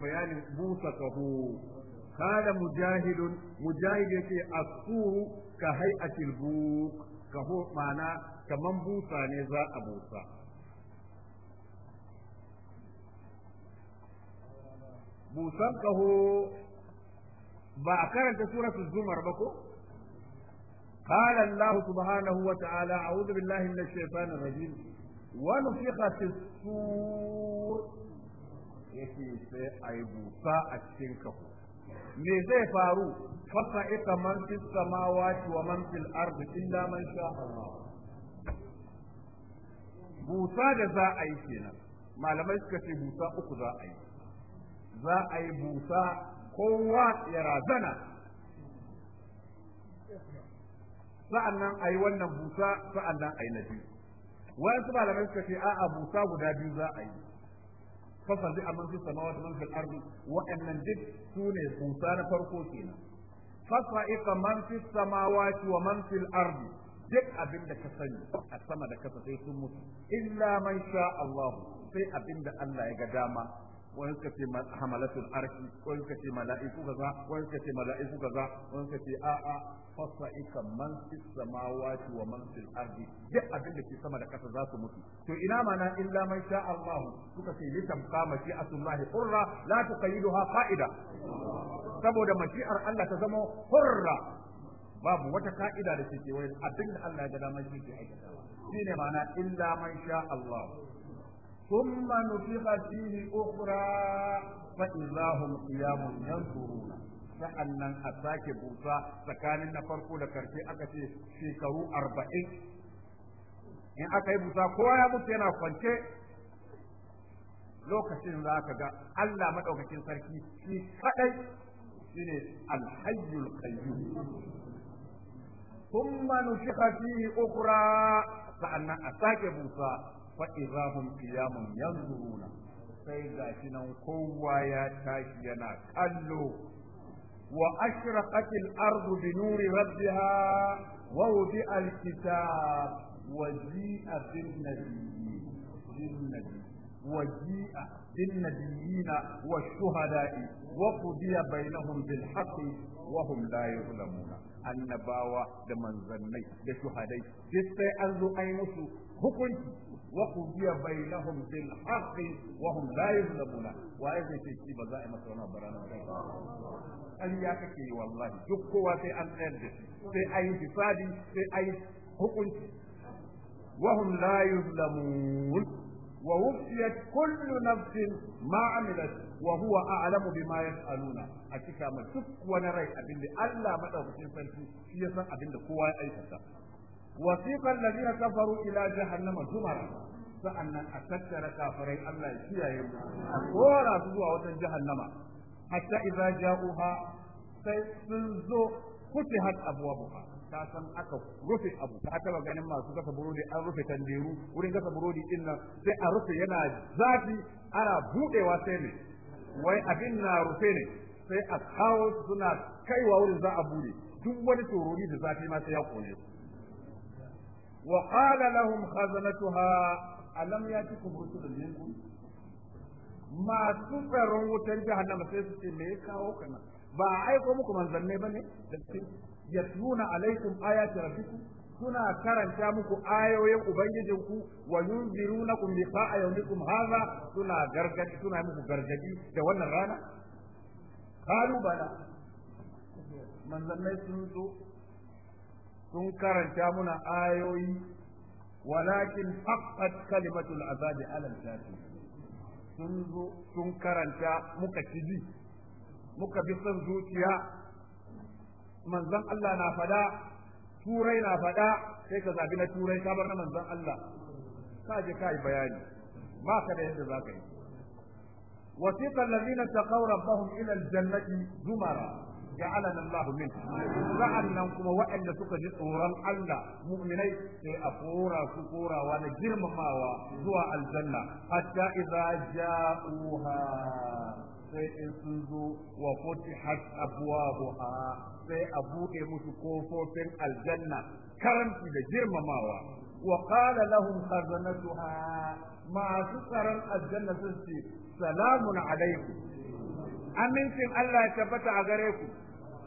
Busa kahu, hala mu jahilun, mu jahilun yake asuru ka haifakin bu kahu ma'ana ta man busa ne za a busa. Busan kahu ba a karanta sura zumar ba ko? Hala Allahusu Ma'a nahu watan ala, a'udu billahi illan shi'ar da na zaziri. Wani su yake sai a yi busa a cikin kafu me zai faru fasa ita man fi samawati wa man fil ardi illa man sha Allah busa da za a yi kenan malamai suka ce busa uku za a yi za a yi busa kowa ya razana sa'annan a yi wannan busa sa'annan a yi na biyu wani su malamai suka ce a'a busa guda biyu za a yi fafazi a man fi samawati man fil ardi wa'annan duk sune busa na farko kenan fasa'iqa man fi samawati wa man fil ardi duk abin da ka sani a sama da kasa sai sun mutu illa man sha Allah sai abin da Allah ya ga dama wani suka ce hamalatul arki wani suka ce mala'iku kaza wani suka ce mala'iku kaza wani suka ce a a fasaika man fis samawati wa man fil ardi duk abin da ke sama da kasa za su mutu to ina mana illa man sha Allah suka ce li tamqa mashi'atullahi hurra la tuqayyiduha qa'ida saboda mashi'ar Allah ta zama hurra babu wata ka'ida da ke kewaye abin da Allah ya ga damar shi ke aikatawa shine ma'ana illa man sha Allah ثم نفخ فيه أخرى فإذا هم قيام ينظرون sa'annan a sake busa tsakanin na farko da karshe aka ce shekaru arba'in in aka yi busa kowa ya mutu yana kwance lokacin za ka ga Allah maɗaukacin sarki shi kaɗai shi ne alhayyul qayyum thumma nushiqa fihi ukhra sa'annan a sake busa fa’iza hun kiyamun yanzu nuna sai ga shi nan kowa ya tashi yana kallo wa ashraqatil ardu bi nuri rabbiha wa wudi al kitab wa ji'a bin nabiyyin wa ji'a bin nabiyyin wa shuhada'i wa qudiya annabawa da manzannai da shuhadai sai an zo ai musu hukunci وقضي بينهم بالحق وهم لا يظلمون وايزي تشي بزاء مسونا برانا an ya kake yi wallahi duk kowa sai an tsayar da shi sai an yi fisadi sai an yi hukunci wahum la wa wufiyat kullu nafsin ma amilat wa huwa a'lamu bima yas'aluna a cika ma duk wani rai abinda Allah madaukakin sarki shi ya san kowa ya aikata wasiqal الذين كفروا ila جهنم زمرا sa'annan a tattara الله Allah ya kiyaye mu a kora su zuwa wata jahannama hatta idza sun zo ta san aka rufe abu ta taba ganin masu gasa burodi an rufe tanderu wurin gasa burodi din nan sai a rufe yana zafi ana budewa sai ne wai abin na rufe ne sai a kawo suna kaiwa wurin za a bude duk wani tururi da zafi ma sai ya kone وقال لهم خزنتها ألم يأتكم رسل منكم ما سفر وتن جهنم سيسي ميكا وكنا ba a aiko muku manzanne ba ne da su yatluna alaikum ayati rabbikum suna karanta muku ayoyin ubangijinku wa yunzirunakum liqa'a yawmikum hadha suna gargadi suna gargadi da wannan rana qalu bala manzannai sun zo sun karanta muna ayoyi walakin haqqat kalimatul azabi alal kafirin sun zo sun karanta muka kiji muka bi son zuciya manzon Allah na fada turai na fada sai ka zabi na turai ka bar na manzon Allah ka je ka yi bayani ba ka da yadda za ka yi wasiqa allazina taqaw rabbahum ila al-jannati zumara ja'alana Allah min nan kuma waɗanda suka ji tsoron Allah mu'minai sai a kora su wa na girmamawa zuwa aljanna hatta idza ja'uha sai in sun zo wa futihat abwabuha sai a buɗe musu kofofin aljanna karanti da girmamawa wa qala lahum khazanatuha masu tsaron aljanna sun ce salamun alaikum amincin Allah ya tabbata a gare ku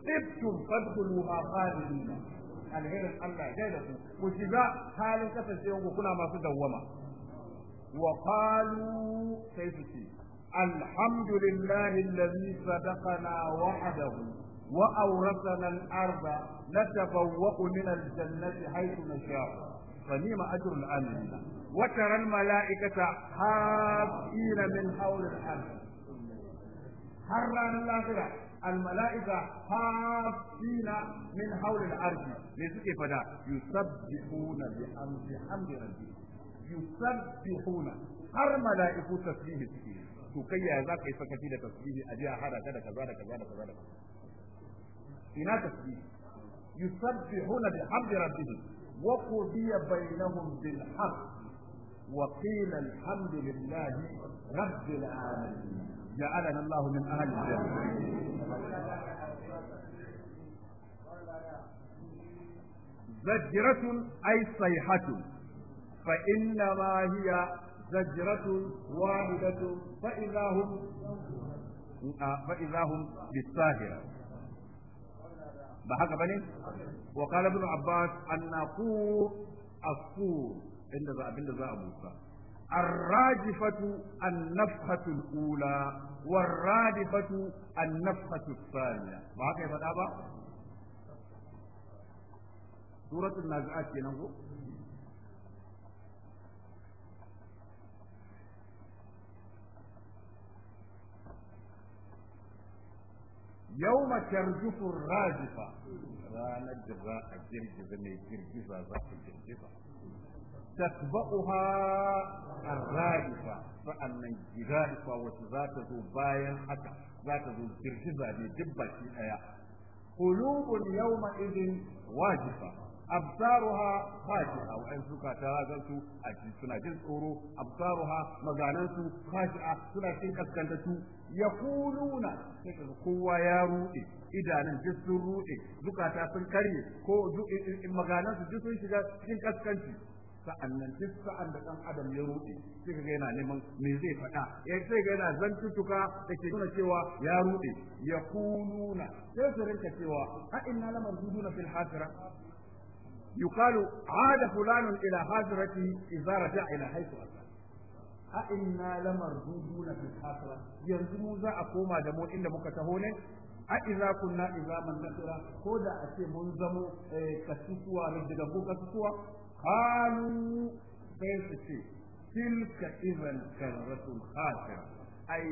tsibtum fadkhuluha khalidina alherin Allah ya da ku ku shiga halin kasancewa ku kuna masu dawwama wa qalu sai su ce alhamdulillahi alladhi sadaqana wa'adahu wa awrathana al-arda natabawwa'u min al-jannati haythu nasha'u fa nima ajru al-amilina wa tara al-mala'ikata hafina min hawli har ranar lafiya الملائكة حافين من حول الأرض لسكي فدا يسبحون بحمد حمد ربهم يسبحون har mala'iku tasbihi suke to kai yaya za ka yi sakaci da tasbihi a jiya hada da kaza da kaza da kaza da kaza ina tasbihi yusabbihuna bihamdi rabbihim wa qudiya bainahum bil haqq wa qila alhamdulillahi rabbil alamin جعلنا الله من أهل الجنة زجرة أي صيحة فإنما هي زجرة واحدة فإذا هم فإذا هم بالساهرة بحق بني وقال ابن عباس الناقور الصور عند ذا عند ذا أبو سعد الراجفة النفخة الأولى والرادفة النفخة الثانية ما كيف هذا سورة النازعات ينظر يوم ترجف الراجفة رانا جزاء جرجزة من جرجزة ذات الجرجزة تتبعها الرائفة فأن الجرائفة وتذات ذو باين حتى ذات ذو الجرجزة لجبة الآية قلوب يومئذ واجفة أبصارها خاشعة وإن سكا تراجلت أجل سنة أورو أبصارها مغانانت خاشعة سنة كنت yaquluna يقولون kaga kowa ya rude idanun duk sun rude zukata sun karye ko maganan su duk sun shiga cikin kaskanci sa'an nan duk sa'an da ɗan adam ya ruɗe sai ka yana neman me zai faɗa ya eh, sai ga yana cutuka da ke nuna cewa ya ruɗe ya kununa sai su rinka cewa ha inna lamar duduna fil hasira يقال ila فلان إلى حاضرته zara رجع إلى حيث أتى أئنا na lamar الحاضرة na ذا أقوم Yanzu mu za a iza kunna man nasira ko da a ce mun zamo eh, kasusuwa ne daga ko kasusuwa قالوا فيسسي تلك إذا كرة خاسرة أي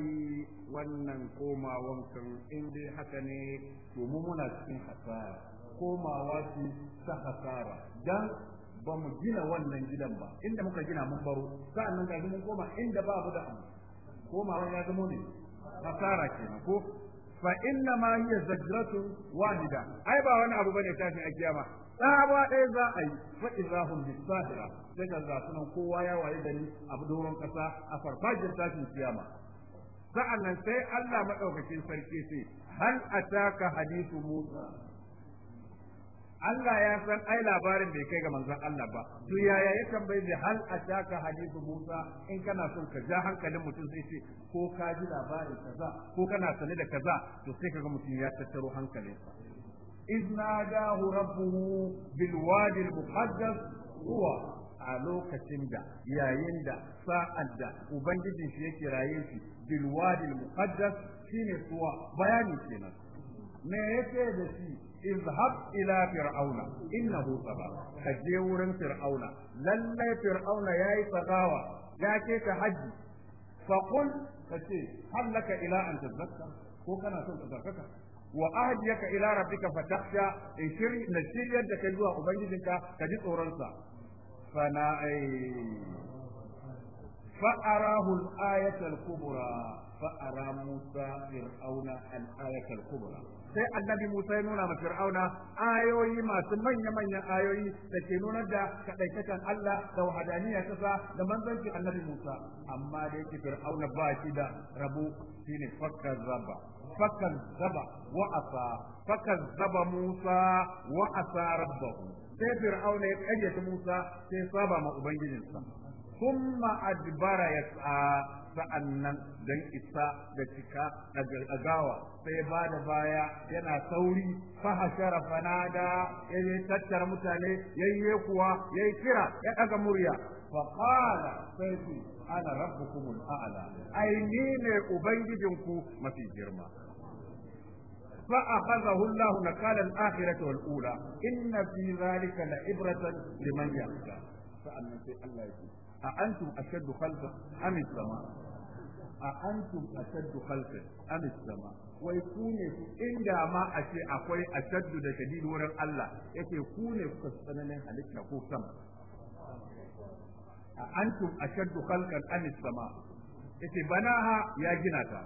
wannan komawan kan in haka ne to muna cikin hasara komawa ce ta hasara dan ba mu gina wannan gidan ba inda muka gina mun baro sa'annan ga mun koma inda babu da abu komawa ya zama ne hasara kenan ko fa inna ma hiya zajratun wahida ai ba wani abu bane tafi a kiyama tsawa ɗaya za a yi fa izahum bisahira sai ga nan kowa ya waye gari a doron kasa a farfajin tashin kiyama sa'annan sai Allah madaukakin sarki sai hal ataka hadithu Musa Allah ya san ai labarin bai kai ga manzon Allah ba to yaya ya tambaye zai hal ataka hadithu Musa in kana son ka ja hankalin mutum sai ce ko ka ji labarin kaza ko kana sane da kaza to sai kaga mutum ya tattaro hankalin إذ ناداه ربه بالوادي المقدس هو a lokacin da yayin da sa'ad da ubangijin shi yake raye shi bilwadil muqaddas shine suwa bayani kenan me yake da shi izhab ila fir'auna innahu taba ka je wurin fir'auna lallai fir'auna yayi tsagawa ya ce ta haji fa qul kace hallaka ila an tazakka ko kana son ka zakka wa ahdiyaka ila rabbika fatakhsha in shiri shiryar da kai zuwa ubangijinka ka ji tsoron sa fana ai eh, فأراه الآية الكبرى فأرى موسى فرعون الآية الكبرى sai annabi Musa ya nuna ma Fir'auna ayoyi masu manya manyan ayoyi da ke nuna da kadaitakan Allah da wahadaniya kasa da manzancin annabi Musa amma da yake Fir'auna ba shi da rabu shine fakkar zaba fakkar zaba wa asa fakkar zaba Musa wa asa rabbahu sai Fir'auna ya kayyata Musa sai saba ma ubangijinsa thumma adbara yas'a sa'annan don isa da cika da gawa sai ba da baya yana sauri fa hashara ya yi tattara mutane yi kuwa yayi kira ya daga murya fa qala sai ana rabbukumul a'la ai ni ne ubangijinku mafi girma فأخذه الله نكال الآخرة والأولى إن في ذلك لعبرة لمن يخشى فأنا الله يقول a antum ashaddu khalqan am sama a antum ashaddu khalqan am sama wai ku ne inda ma a ce akwai ashaddu da shadid wurin Allah yake ku ne kuka tsananin halitta ko sama a antum ashaddu khalqan am as-sama bana banaha ya gina ta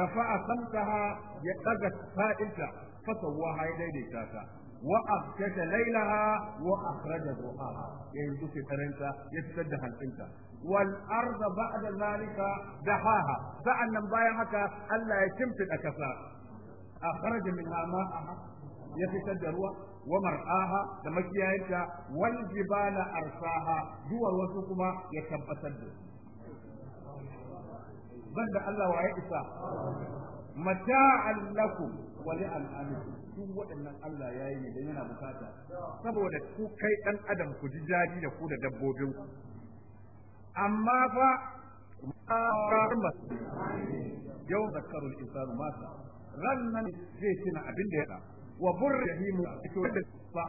rafa'a samtaha ya daga fa'ilta fasawaha ya daidaita ta wa afkata lailaha wa akhraja duhaha ya yanzu fitaranta ya fitar da hantsinta wal arda ba'da zalika dahaha nan bayan haka Allah ya shimfida kasa akhraja minha ma'aha ya fitar da ruwa wa mar'aha da makiyayinta wal jibala arsaha duwar wasu kuma ya tabbatar da su banda Allah wa ya isa mata'an lakum wani al'adu su waɗannan Allah ya yi ne don yana bukata saboda ku kai ɗan adam ku ji jari da ku da dabbobin ku amma fa yau da zakaru insanu mata rannan zai tuna abin da ya da wa burra jahimu ba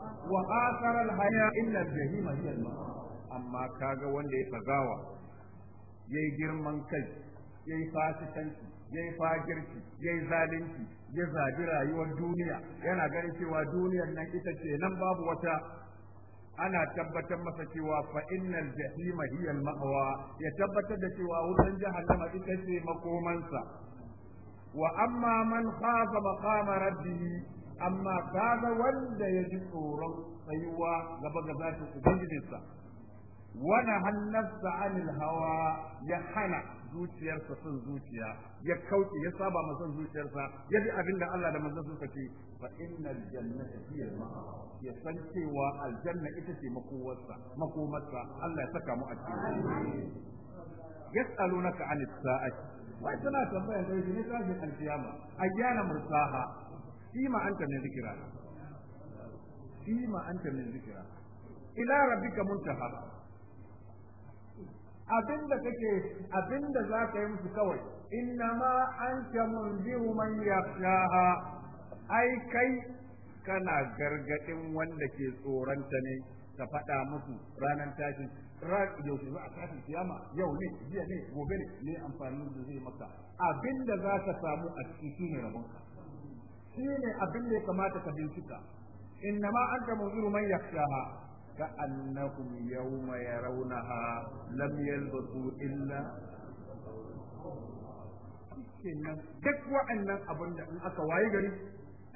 wa asara al-haya illa yi alma amma kaga wanda ya fazawa yi girman kai ya yayi fasikanci Yayi yi fagirci ya zalunci ya zabi rayuwar duniya yana ganin cewa duniyar nan ita ce nan babu wata ana tabbatar masa cewa fa innal jahima hiya al-ma'wa ya tabbatar da cewa wutan jahannama ita ce makomansa wa amma man khafa maqama rabbihi amma kaga wanda ya ji tsoron tsayuwa gaba ga zatin ubangijinsa wani hannarsa anil hawa ya hana zuciyarsa son zuciya ya kauce ya saba masa zuciyarsa ya bi abin da Allah da manzon suka ce fa innal jannata hiya ma'a ya san cewa aljanna ita ce makowarsa makomarsa Allah ya saka mu a cikin yas'alunaka anis sa'ati wai suna tambayar da yake ne an alkiyama ayyana mursaha fima anta min zikra fima anta ne zikira ila rabbika muntaha abinda kake da za ka yi musu kawai innama anta munziru man yakhshaha ai kai kana gargadin wanda ke tsoranta ne ka faɗa musu ranar tashin yau ne za a tashin kiyama yau ne jiya ne gobe ne ne amfani da zai maka Abin da za ka samu a cikin ka. rabonka shine abin da ya kamata ka bincika an ta munziru man yakhshaha كأنهم يوم يرونها لم يلبثوا إلا kenan duk wa'annan abin da in aka waye gari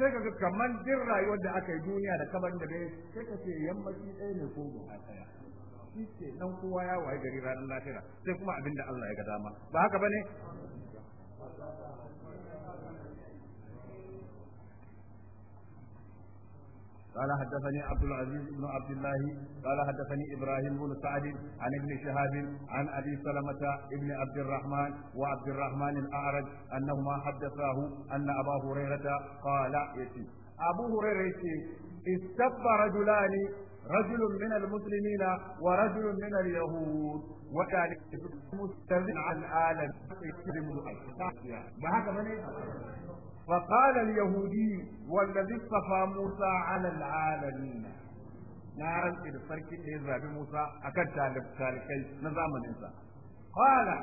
sai kaga kamar jin rayuwar da aka yi duniya da kaban da bai sai ka ce yammaci ɗaya ne ko gaba ɗaya shi ce nan kowa ya waye gari ranar lafiya sai kuma abinda Allah ya ga dama ba haka bane قال حدثني عبد العزيز بن عبد الله قال حدثني ابراهيم بن سعد عن ابن شهاب عن ابي سلمه ابن عبد الرحمن وعبد الرحمن الاعرج انهما حدثاه ان ابا هريره قال يتي ابو هريره استبى رجلان رجل من المسلمين ورجل من اليهود وكان مستمع العالم ما هكذا فقال اليهودي والذي اصطفى موسى على العالمين na rantsi da sarki da ya zabi Musa a kan talibai na zamaninsa. Kwana,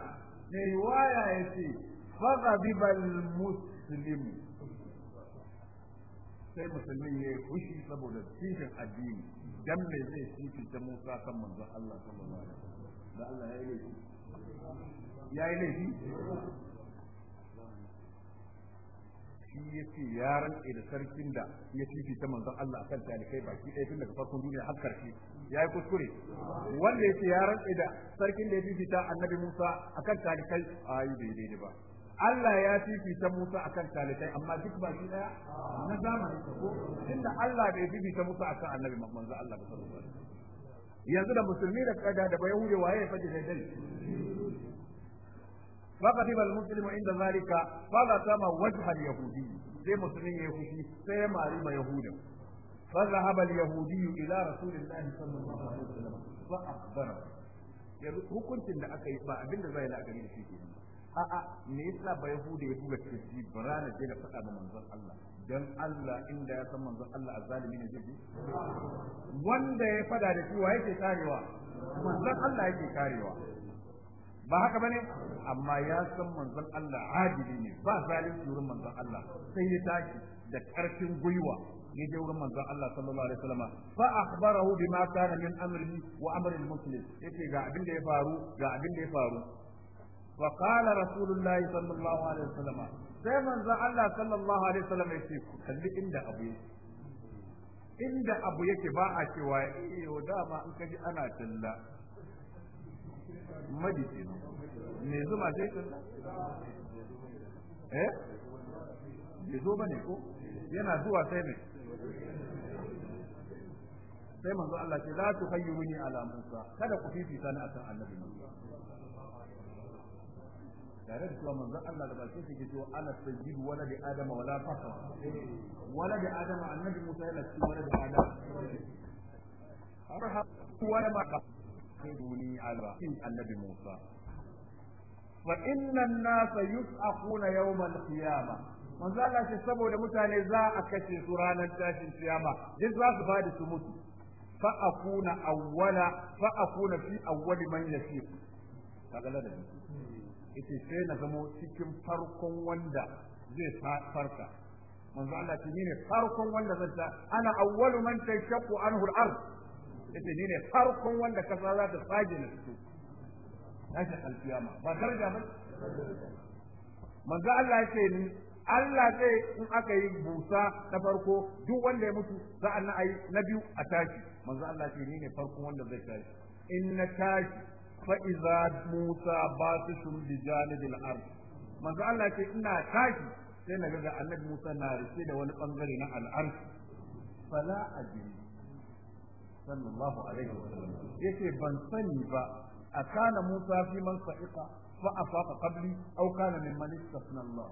mai waya ya ce, Faga bibal Sai musulmin ya yi fushi saboda cikin addini, dan mai zai cikin ta Musa kan manzon Allah sallallahu alaihi wasallam. Da Allah ya laifi? shi ce ya rantse da sarkin da ya fifita manzon Allah akan talikai baki ɗaya tun daga farkon duniya har karshe yi kuskure wanda ya ce ya rantse da sarkin da ya fifita annabi Musa akan talikai a yi daidai ba Allah ya fifita Musa akan talikai amma duk ba shi ɗaya na zamani ko tunda Allah bai fifita Musa akan annabi manzon Allah ba sallallahu alaihi yanzu da musulmi da kada da bayan waye ya faɗi daidai فغضب المسلم عند ذلك فلطم وجه اليهودي sai musulmin ya fushi sai ya mari ma yahudan فذهب اليهودي الى رسول الله صلى الله عليه وسلم فاخبره yanzu hukuncin da aka yi ba abinda zai la'akari da shi ke a'a me yasa ba yahuda ya buga kirji bara na je na faɗa da manzon Allah dan Allah inda ya san manzon Allah azzalimi ne zai wanda ya fada da shi wa yake karewa manzon Allah yake karewa ba haka bane amma ya san manzon Allah adili ne ba zalunci wurin manzon Allah sai ya tashi da karfin gwiwa ya je wurin manzon Allah sallallahu alaihi wasallam fa akhbarahu bima kana min amrihi wa amri al-muslim yace ga abin da ya faru ga abin da ya faru wa qala rasulullahi sallallahu alaihi wasallam sai manzon Allah sallallahu alaihi wasallam yace kalli inda abu yake inda abu yake ba a cewa eh dama in kaji ana talla madi ne me zuma sai? kan eh bai zo bane ko yana zuwa sai ne sai manzo Allah ce la tukhayyiruni ala Musa kada ku fifita a kan annabi Musa tare da cewa manzo Allah da bakin sa ke cewa ana sajid wala da adama wala fakar wala da adama annabi Musa yana cikin wala da adam har har wala ma duni alba in annabi Musa wa inna an-nas yus'aquna saboda mutane za a kace su ranar tashin kiyama duk za su fadi su mutu fa akuna awwala fa akuna man yasiq kaga da sai na zamo cikin farkon wanda zai farka manzo Allah ce ne farkon wanda zai ana awwalu man tashaqqu anhu al-ard yace ni ne farkon wanda kasa za ta tsage na fito tashi alkiyama ba daraja ba manzo Allah yace ni Allah zai in aka yi busa na farko duk wanda ya mutu za a na ayi na biyu a tashi manzo Allah yace ni ne farkon wanda zai tashi Inna tashi fa iza musa batishum bi janibil ard manzo Allah yace ina tashi sai na ga annabi Musa na rike da wani bangare na al'arshi fala ajri sallallahu alaihi wasallam yace ban sani ba akana Musa fi man sa'iqa fa afaqa qabli aw kana man istasna Allah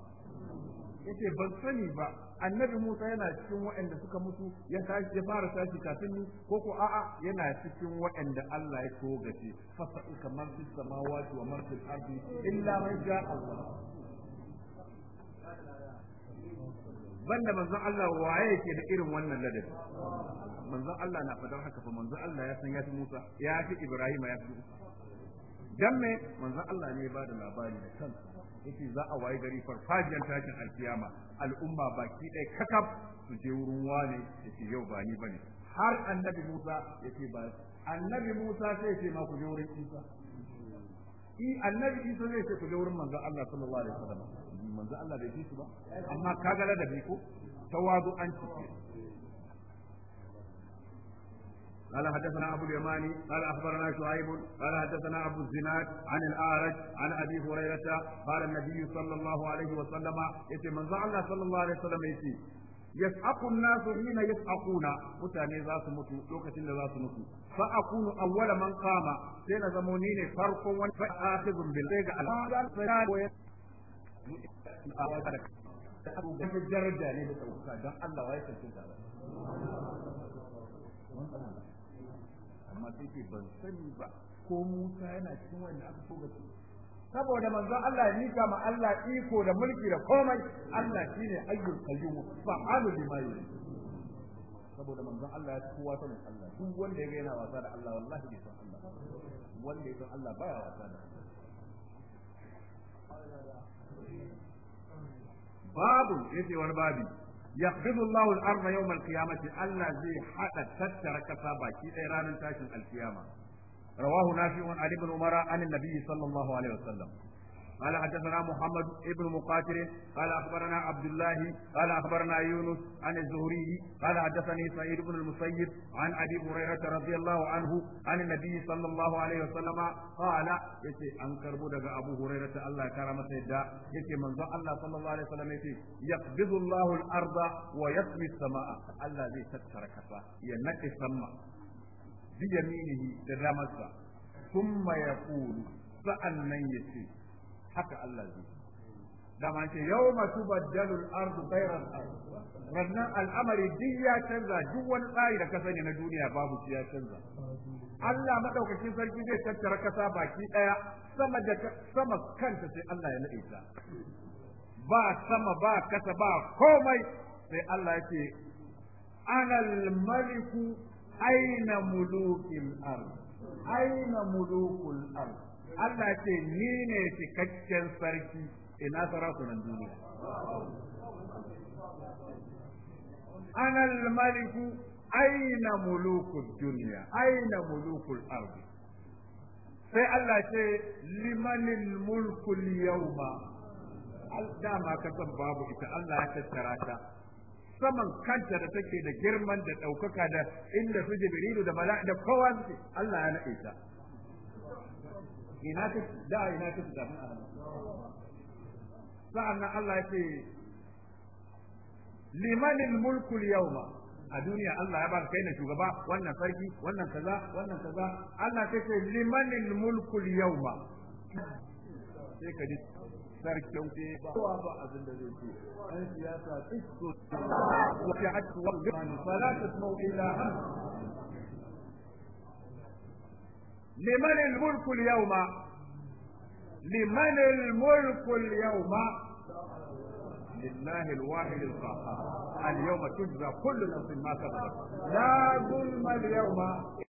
yace ban sani ba annabi Musa yana cikin waɗanda suka mutu ya tashi ya fara tashi kafin ni ko ko a'a yana cikin waɗanda Allah ya togace fa sa'iqa man fi samawati wa man fil ardi illa man sha Allah banda manzon Allah waye yake da irin wannan ladabi manzon Allah na fadar haka fa manzon Allah ya san ya fi Musa ya fi Ibrahim ya fi dan me manzon Allah ne ya da labari da kansa yace za a waye gari farfajiyar tashin alkiyama al'umma baki ɗaya kakaf su je wurin wane yace yau ba ni bane har annabi Musa yace ba annabi Musa sai yace ma ku je wurin Isa annabi Isa zai ce ku je wurin manzon Allah sallallahu alaihi wasallam manzo Allah bai fi su ba amma kaga ladabi ko tawadu an cike قال حدثنا ابو اليماني قال اخبرنا شعيب قال حدثنا ابو الزناد عن الاعرج عن ابي هريره قال النبي صلى الله عليه وسلم يتي من الله صلى الله عليه وسلم يتي يسحق الناس حين يسحقون متاني ذات متو لوكتين ذات متو فأكون أول من قام سين زمونين فرق وآخذ بالرجع الآن daraja ne da don Allah wa ya amma saboda manzo Allah ya nika ma Allah iko da mulki da komai Allah shine ayyul qayyum alu bima yuri. saboda manzo Allah ya kowa sanin Allah duk wanda ya yana wasa da Allah wallahi bai san Allah wanda ya san Allah baya wasa da Allah babu yace wani babi yaqbidu Allahu al-ardh yawm al-qiyamati Allah zai hada tattara kasa baki ɗaya ranar tashin al-qiyama rawahu nafi'un ali ibn umara an an-nabi sallallahu alaihi wasallam قال حدثنا محمد ابن مقاتل قال اخبرنا عبد الله قال اخبرنا يونس عن الزهري قال حدثني سعيد بن المسيب عن ابي هريره رضي الله عنه عن النبي صلى الله عليه وسلم قال يتي ان كربو دغ ابو هريره الله كرم سيدا يتي من الله صلى الله عليه وسلم يتي يقبض الله الارض ويطوي السماء الله زي تكسر كفا ينقي السماء بيمينه دغمسا ثم يقول sa'an nan ya ce haka Allah zai da ma ce yau masu baddalul ardu tsairar rannan al'amari duk ya canza duk wani tsari da ka sani na duniya babu shi ya canza Allah madaukakin sarki zai tattara kasa baki daya sama da sama kanta sai Allah ya nade ba sama ba kasa ba komai sai Allah yace ce anal maliku aina mulukil ard aina mulukul ard Allah ce ni ne cikakken sarki ina sarakunan duniya ana maliku aina mulukul duniya aina mulukul ardi sai Allah ce limanil mulkul yawma dama kasan babu ita Allah ya tattara ta saman kanta da take da girman da ɗaukaka da inda su jibrilu da mala'a da kowa Allah ya naɗe ta ina ta da ina ta Allah ya ce mulku yawma a duniya Allah ya ba kai ne shugaba wannan sarki wannan kaza wannan kaza Allah ta ce liman mulku yawma sai ka ji sarkin ke ba kowa ba abin da zai ce an siyasa duk so wa ta'atu wa salatu ila لمن الملك اليوم لمن الملك اليوم لله الواحد القهار اليوم تجزى كل نفس ما كسبت لا ظلم اليوم